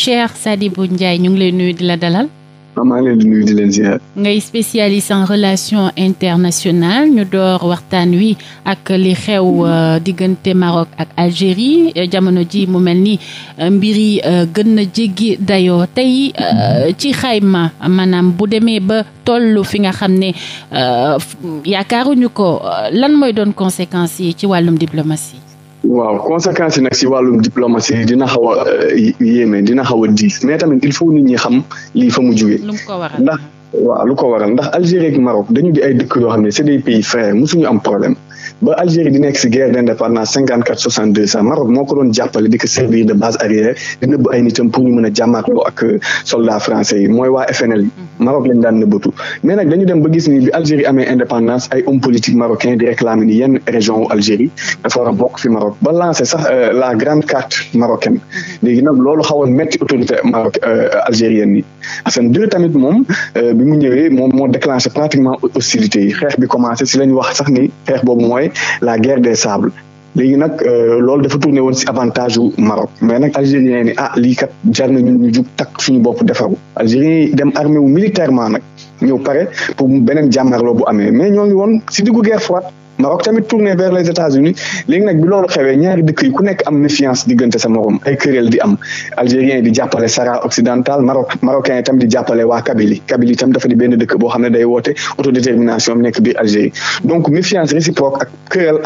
Cheikh Sadibou Ndiaye ñu ngi lay nuyu di la dalal. Ah, maa ngi leen di nuyu di ngay spécialiste en relations internationales ñu door waxtaan wi ak li xew euh, diggante Maroc ak Algérie euh, jamono ji mu mel ni euh, mbir yi gën na jéggi dayoo tey ci xayma maanaam bu demee ba tollu fi nga xam ne yaakaaruñu ko lan mooy doon conséquence yi ci wàllum diplomatie. waaw conséquence yi nag si wàllum diplomatie dina xaw a euh, yéeme dina xaw a diis mais tamit il faut nit ñi xam lii fa mu jugee. ndax waaw lu ko waral ndax Algérie ak dañu di ay dëkk yoo xam ne c'est des pays frères mosuñu am problème. ba Algérie di nekk si guerre d' indépendance cinquante quatre soixante deux sax Maroc moo ko doon jàppale di ko servir de base arrière di nëbb ay nitam ñu mën a jàmmaarloo ak euh, soldats français yi mooy waa FNL yi mm-hmm. Maroc lañ daan nëbbatu dañu dem ba gis ni bi Algérie amee indépendance ay hommes politiques marocains di réclamer ni a bokk fi Maroc ba lancé sax euh, la grande carte marocaine mm-hmm. léegi nag loolu xawoon métti autorité maroc euh, algérienne yi Assane II tamit mooy la guerre des sables léegi nag euh, loolu dafa tourné woon si avantage wu Maroc mais nag algérien ni ah lii kat jar takk suñu bopp defaru algérien yi dem armé wu militairement nag ñëw pare pour beneen jàmmarloo bu amee mais ñoo ngi woon si diggu guerre froide ndax tamit tourné vers les États-Unis léegi nag bi loolu xewee ñaari dëkk yi ku nekk am méfiance diggante sa morom ay querelle di am algérien di jàppale Sahara occidental Maroc marocain tam di jàppale waa Kabylie boo xam ne day woote autodétermination bi nekk biir Algérie donc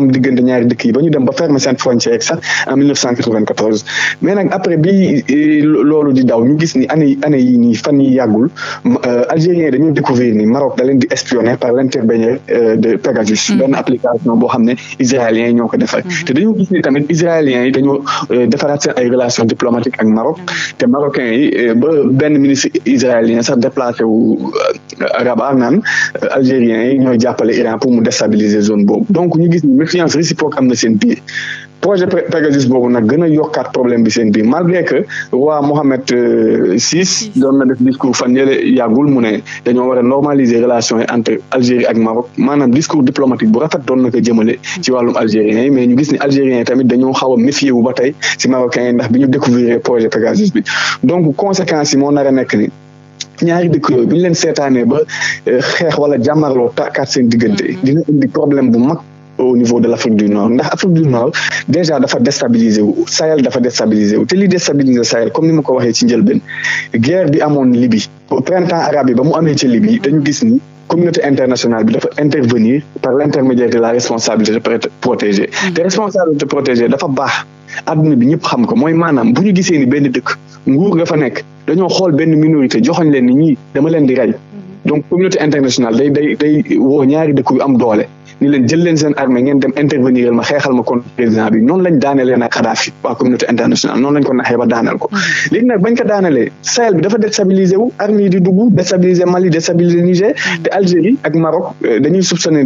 am diggante ñaari dëkk yi ba ñu dem ba fermer seen frontière sax en 1994 mais nag après bi euh, loolu di daw ñu gis ni année année yi nii fan yi yàggul euh, algérien yi dañuy découvrir ni Maroc da di espionner par l'intermédiaire euh, de Pegasus mm. benn communication boo xam ne israéliens yi ñoo ko defar mhm. te dañoo gis ni tamit israéliens yi dañoo euh, defaraat seen ay relations diplomatiques ak Maroc mhm. te marocains yi euh, ba benn ministre israélien sax déplacé wu euh, Rabat naan algériens yi ñooy jàppale Iran pour mu destabiliser zone boobu donc ñu gis ni méfiance réciproque am na seen bi projet Pegasus boobu nag gën a yokkaat problème bi seen biir malgré que roi Mohammed VI euh, doon na def discours fan yële yàggul mu ne dañoo war a normaliser relation yi entre Algérie ak Maroc maanaam discours diplomatique bu rafet doon na ko jëmale ci wàllum algériens yi mais ñu gis ni algériens yi tamit dañoo xaw a wu ba tey si marocains yi ndax bi ñu découvrir projet Pegasus bi donc conséquences yi moo nar a nekk ni ñaar dëkk yooyu bi ñu leen seetaanee ba euh, xeex wala jàmmarloo tàkkaat seen diggante mm-hmm. dina indi problème bu mag au niveau de l' Afrique du Nord ndax Afrique du Nord déjà dafa déstabiliser wu Sahel dafa déstabiliser wu te li déstabiliser Sahel comme ni ma ko waxee ci njëlbeen guerre bi amoon libi printemps arabe yi ba mu amee ci Libye dañu gis ni communauté internationale bi dafa intervenir par l' intermédiaire de la responsabilité protégée mm. te responsabilité protégée dafa baax àdduna bi ñëpp xam ko mooy maanaam bu ñu gisee ni benn dëkk nguur nga fa nekk dañoo xool benn minorité joxoñ leen ni ñii dama leen di rey mm-hmm. donc communauté internationale day day day ñaari dëkk yu am doole ni leen jël leen seen armée ngeen dem intervenir ma xeexal ma contre président lañ daanelee nag Kadhafi waa communauté internationale noonu lañ ko naxee ba daaneel ko mm-hmm. léegi nag bañ ko daanelee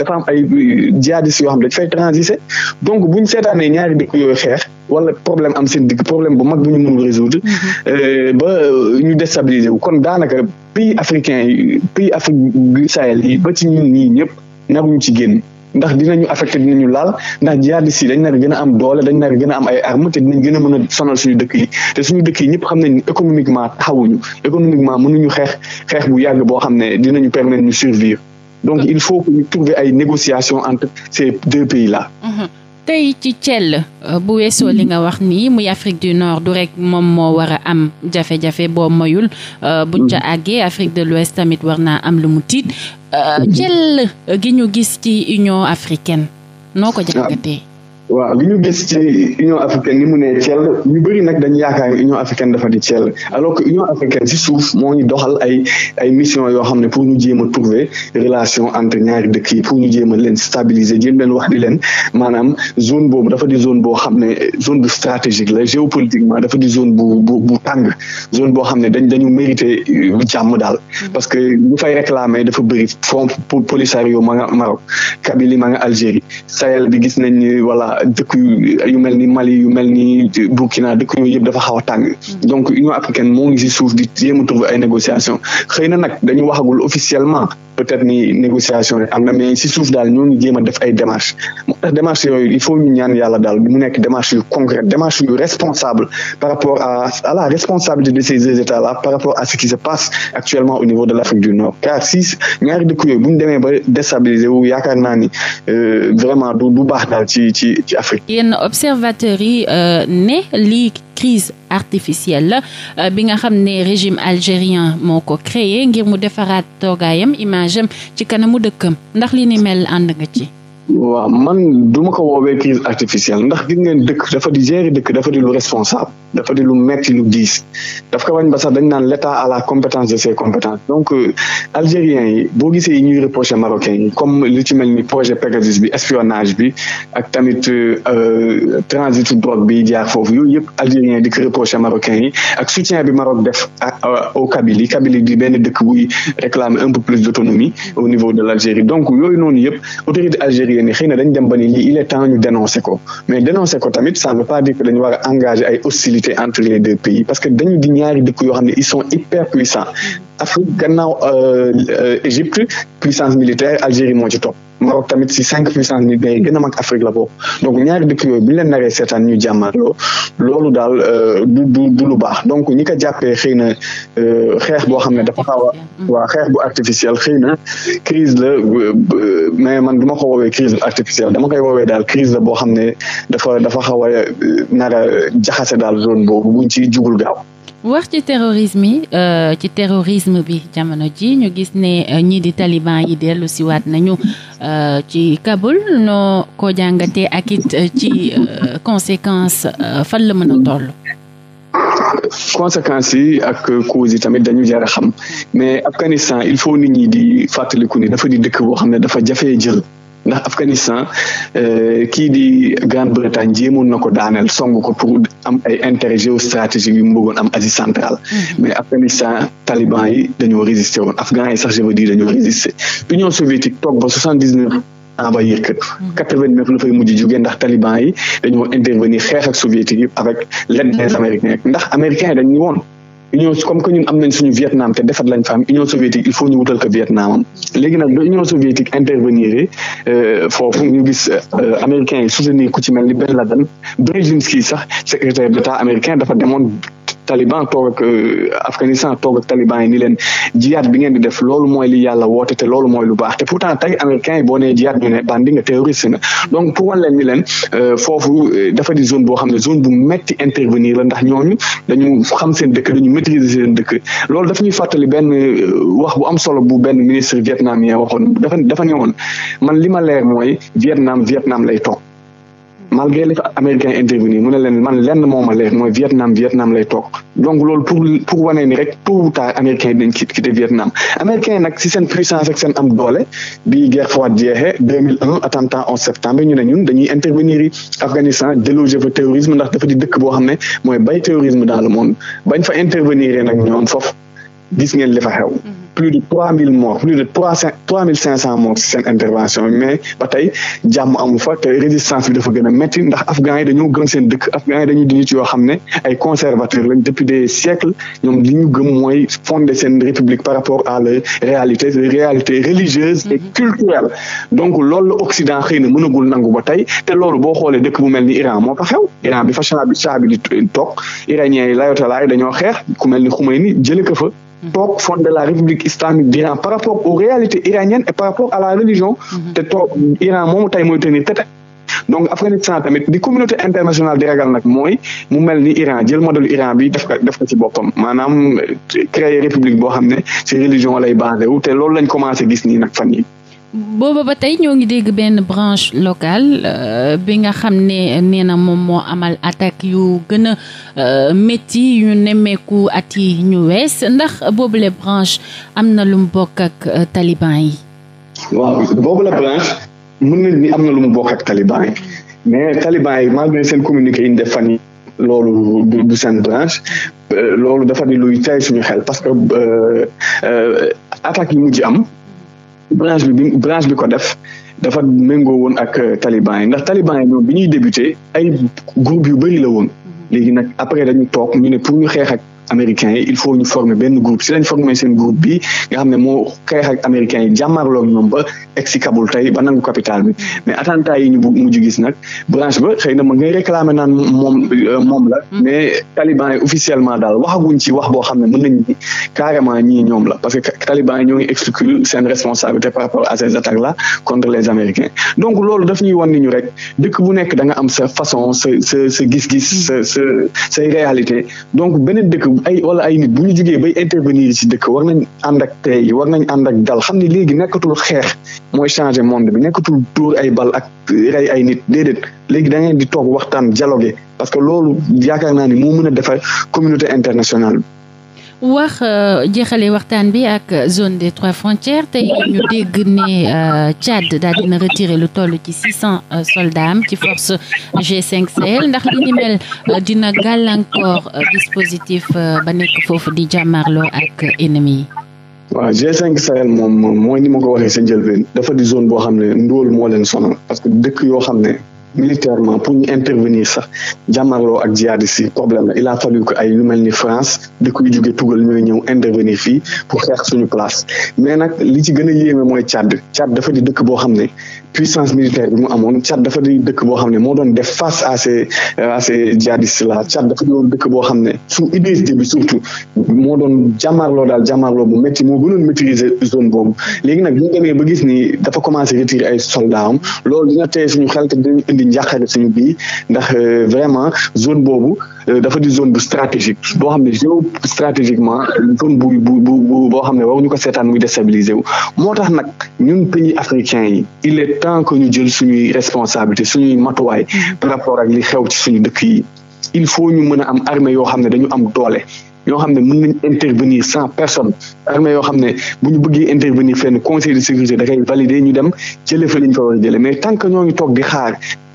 dafa am ay euh, yoo xam dañ fay transiter donc buñ seetaanee ñaari dëkk yooyu xeex wala problème am seen digg problème bu mag bu ñu mënul résoudre mm-hmm. euh, ba euh, ñu déstabiliser wu kon daanaka pays africain yi pays Afrique Sahel yi ba ci ñun ñii ñëpp ci génn ndax dinañu affecté ñu laal ndax jihadistes si dañ nar gën a am doole dañ nar gën a am ay armes te dinañ gën a mën a sonal suñu dëkk yi te suñu dëkk yi ñëpp xam nañ économiquement taxawuñu économiquement mënuñu xeex xeex bu yàgg boo xam ne dinañu permettre ñu survivre donc il faut que ñu trouver ay négociation entre ces deux pays la mm-hmm. tey ci Thiel euh, bu weesoo li nga mm-hmm. wax nii muy Afrique du Nord du rek moom moo war a am jafe-jafe boo moyul euh, buñ ca mm-hmm. àggee Afrique de l'Ouest tamit war naa am lu mu tiit euh, mm-hmm. Thiel gi ñu gis ci Union africaine noo ko ah. jàngatee waaw li ñu gis ci Union africaine ni mu nee Thiel ñu bëri nag dañu yaakaar Union africaine dafa di Thiel alors que Union africaine si suuf moo ñu doxal ay ay mission yoo xam ne pour ñu jéem a trouver relation entre ñaari dëkk yi pour ñu jéem a leen stabiliser jéem leen wax di leen maanaam zone boobu dafa di zone boo xam ne zone bu stratégique la géopolitiquement dafa di zone bu bu bu tàng zone boo xam ne dañ dañu mérité jàmm daal parce que ñu fay réclamer dafa bëri front Polisario ma nga Maroc Kabylie ma nga Algérie Sahel bi gis nañ voilà dëkk yu mel ni Mali yu mel ni Burkina dëkk yooyu yëpp dafa xaw a tàng mm. donc Union africaine moo ngi si suuf di jéem a trouver ay négociation xëy na nag dañu waxagul officiellement peut-être ni négociation rek am na mais si suuf daal a def ay démarches moo tax démarches yooyu il faut ñu ñaan yàlla daal mu nekk démarches yu concrètes démarches yu responsables par rapport à la responsabilité de ces deux états là par rapport à ce qui se passe actuellement au niveau de l'Afrique du Nord car si ñaari dëkk yooyu bu ñu demee ba déstabiliser wu yaakaar naa ni euh, vraiment du baax daal ci Afrique. yenn observateurs yi euh, ne lii crise artificielle la euh, bi nga xam ne régime algérien moo ko image ci kanamu dëkkam ndax li ni mel ànd nga ci. waaw man duma ko woowee crise artificielle ndax gis ngeen dëkk dafa di gérer dëkk dafa di lu responsable. dafa di lu metti lu diis daf ko bañ ba dañ naan l'état à la compétence de ses compétences donc euh, algériens yi boo gisee yi ñuy reproché marocains yi comme li ci mel ni projet Pegasus bi espionnage bi ak tamit euh, euh, transitu drogue bi jaar foofu yooyu yëpp algériens yi di ko reproché marocains yi ak soutien bi Maroc def ah, au Kabylie Kabylie di benn dëkk buy réclamer un peu plus d'autonomie au niveau de l'Algérie donc yooyu noonu yëpp autorité algérienne yi xëy na dañ dem ba ni lii il est temps compétitivité entre les deux pays parce que dañu di ñaari dëkk yoo xam ne ils sont hyper Afrique gannaaw euh, euh, Égypte puissance militaire Algérie moo ci topp Maroc tamit si cinq puissance militaires yi gën a mag Afrique la bokk donc ñaari dëkk yooyu bi ñu leen naree seetaan ñu jàmmarloo loolu daal euh, du du du lu baax donc ñi ko jàppee xëy na euh, xeex boo xam ne dafa xaw a mm-hmm. waa xeex bu artificiel xëy na crise la euh, mais man du ma ko woowee crise artificielle dama koy woowee daal crise la boo xam ne dafa dafa xaw a nar a daal zone boobu buñ ci jugul gaaw wax ci terrorisme yi euh, ci terrorisme bi jamono ji ñu gis ne euh, ñii di taliban yi dellu waat nañu euh, ci Kaboul noo ko jàngatee ak it ci conséquence fan la mën a toll. yi ak causes yi tamit dañu jar a xam mais Afghanistan il faut nit ñi di fàttaliku ni dafa di dëkk boo xam ne dafa jafe jël. ndax Afghanistan euh, kii di Grande-Bretagne jéemoon na ko daaneel song ko pour am ay intérêt géostratégique yu mu bëggoon am Asie centrale mm-hmm. mais Afghanistan taliban yi dañoo résister woon afghans yi sax je veux dire dañoo résister Union soviétique toog ba soixante dix neuf envahir que mm-hmm. quatre-vingt-neuf la fay mujj jóge ndax taliban yi dañoo intervenir xeex soviétique avec l'aide des mm-hmm. américains ndax américains yi dañu woon union comme que ñun am nañ suñu Vietnam te defat lañ fa am union soviétique il faut ñu wutal ko Vietnam am léegi nag ba union soviétique intervenir euh, foofu ñu gis euh, américains yi ni ku ci mel ni Ben Laden Brzezinski sax secrétaire d' état américain dafa demoon taliban toog ak euh, Afghanistan toog ak taliban yi ni leen jiyaat bi ngeen di def loolu mooy li yàlla woote te loolu mooy lu baax te pourtant tey américains yi boo nee jiyaat ñu ne bandi nga terroriste nga donc pour wan leen ni leen euh, foofu euh, dafa di zone boo xam ne zone bu metti intervenir la ndax ñooñu dañu xam seen dëkk dañu maîtriser seen dëkk loolu dafa ñuy fàttali benn wax bu am solo bu benn ministre vietnamien waxoon dafa dafa ne woon man li ma leer mooy Vietnam Vietnam lay toog malgré li fa américain intervenir mu ne leen man lenn moo ma leer mooy Vietnam Vietnam lay toog donc loolu pour pour wane ni rek tôt ou tard américain yi dañ quitté Vietnam américain yi nag si seen puissance ak seen am doole bi guerre froide jeexe 2001 attentat 11 septembre ñu ne ñun dañuy intervenir yi Afghanistan déloger fa terrorisme ndax dafa di dëkk boo xam ne mooy bay terrorisme dans le monde bañ fa intervenir yi nag ñoom foofu gis ngeen li fa xew mm-hmm. plus de trois mille morts plus de trois cent trois mille cinq cent morts si intervention mais ba tey jàmm amul fa te résistance bi dafa gën a métti ndax afghans yi dañoo gëm seen dëkk afghans yi dañuy di nit yoo xam ne ay conservateurs lañ depuis des siècles ñoom li ñu gëm mooy fonder seen république par rapport à la réalité réalité religieuse et mhm. culturelle donc loolu la Occident xëy na mënagul nangu ba tey te loolu boo xoolee dëkk bu mel ni Iran moo fa xew Iran bi fa caa bi caa fa Mhm. toog fond de la république islamique d'Iran par rapport aux réalités iraniennes et par rapport à la religion mhm. te toog Iran moomu tey mooy tenir tête donc Afghanistan tamit di communauté internationale di ragal nag mooy mu mel ni Iran jël modèle Iran bi def ko def ko ci boppam maanaam créer république boo xam ne ci religion lay basé wu te loolu lañ commencé gis nii nag fan yi booba ba tey ñoo ngi dégg benn branche locale euh, bi nga xam ne nee na moom moo amal attaque yu gën a euh, métti yu nemmeeku at yi ñu wees ndax boobule branche am na lu mu bokk ak euh, taliban yi. waaw la branche mun nañ ni am na lu mu bokk ak taliban yi mais taliban ma malgré seen communiqué yi ñu def fan loolu du seen branche loolu dafa di luy tey suñu xel parce que attaque yi mujj am. branche bi branche bi ko def dafa méngoo woon ak euh, taliban yi ndax taliban yi ñoom bi ñuy débuté ay groupe yu bëri la woon mm-hmm. léegi nag après dañu toog ñu ne pour ñu xeex américains yi il faut ñu former benn groupe si lañ former seen groupe bi nga xam ne moo xeex ak américains yi jàmmarloog ñoom ba egg si Kaboul tey ba nangu capital bi mais attentat yi ñu mujj gis nag branche ba xëy na ma ngay naan moom euh, moom la hmm. mais taliban yi officiellement daal waxagu ci wax boo xam ne mën nañ ni carrément ñii ñoom la parce que taliban yi ñoo ngi exclure seen responsabilité par rapport à ces attaques là contre les américains donc loolu daf ñuy wan ni ñu rek dëkk bu nekk da nga am sa façon sa sa sa gis-gis hmm. sa sa say réalité donc dëkk ay wala ay nit bu ñu jugee bay intervenir ci dëkk war nañ ànd ak tey war nañ ànd ak dal xam ne léegi nekkatul xeex mooy changer monde bi nekkatul dóor ay bal ak rey ay nit déedéet léegi da ngeen di toog waxtaan dialogue parce que loolu yaakaar naa ni moo mën a defar communauté internationale wax euh, jeexale waxtaan bi ak zone des trois frontières tey ñu dégg ne euh, Tchad daal dina retiré lu toll ci six cent euh, soldats am ci force g cinq Sahel ndax li ni mel dina gàllankoor dispositif ba nekk foofu di jàmmarloo ak ennemi yi. waaw G5 Sahel moom mooy ni ma ko waxee sa njëlbeen dafa di zone boo xam ne ndóol moo leen sonal parce que dëkk yoo xam ne. militairement pour ñu intervenir sax jàmmarloo ak jihadistes yi problème la il a fallu ko ay ñu mel ni France dëkk yu jóge tugal ñooy ñëw intervenir fii pour xeex suñu place mais nag li ci gën a yéeme mooy Tchad Tchad dafa di dëkk boo xam ne puissance militaire bi mu amoon Tchad dafa di dëkk boo xam ne moo doon def face à ces la euh, ces djihadistes là dafa doon dëkk boo xam ne sous UDSD bi surtout moo doon jàmmaarloo daal jàmmaarloo bu métti moo bu gënoon maîtriser zone boobu léegi nag bu ñu demee ba gis ni dafa commencé retirer ay soldats am loolu dina tey suñu xel te dinañ indi njàqare suñu bii ndax euh, vraiment zone boobu Euh, dafa di zone bu stratégique boo xam ne géo stratégiquement zone bu bu bu boo xam ne waruñu ko seetaan muy déstabiliser wu moo tax nag ñun pays africains yi il est temps que ñu jël suñuy responsabilité suñuy matuwaay par rapport ak li xew ci suñu dëkk yi il faut ñu mën a am armée yoo xam ne dañu am doole yoo xam ne mun nañ intervenir sans personne armée yoo xam ne bu ñu bëggee intervenir fenn conseil de sécurité da koy valider ñu dem jëlee fa li ñu fa war j jëlee mais tant que ñoo ngi toog di xaar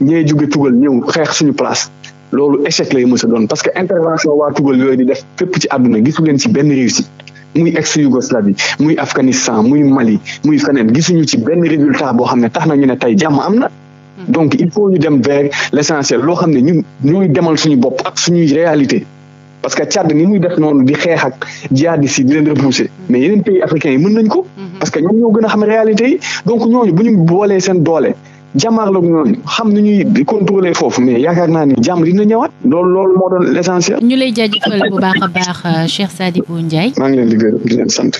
ñee jóge tugal ñëw xeex suñu place loolu échec lay mës a doon parce que intervention waa tugal yooyu di def fépp ci àdduna gisu leen ci benn réussite muy ex Yougoslavie muy Afghanistan muy Mali muy feneen gisuñu ci benn résultat boo xam ne tax na ñu ne tey jàmm am na. Hmm. donc il faut ñu dem vers l' essentiel loo xam ne ñu ñuy demal suñu bopp ak suñuy réalité parce que Tchad ni muy def noonu di xeex ak jihadistes yi di leen repousser hmm. mais yeneen pays africains yi mën nañ ko. Hmm. parce que ñoom ñoo gën a xam réalité donc ñooñu bu ñu boolee seen doole. jàmmaarloog ñooñu xam ni ñuy contrôler foofu mais yaakaar naa ni jàmm dina ñëwaat loolu loolu moo doon l'essentiel. ñu lay jaaj jaajëfal bu baax a baax euh, Cheikh Sadibou Ndiaye. maa ngi leen liggéey gërëm di leen sant.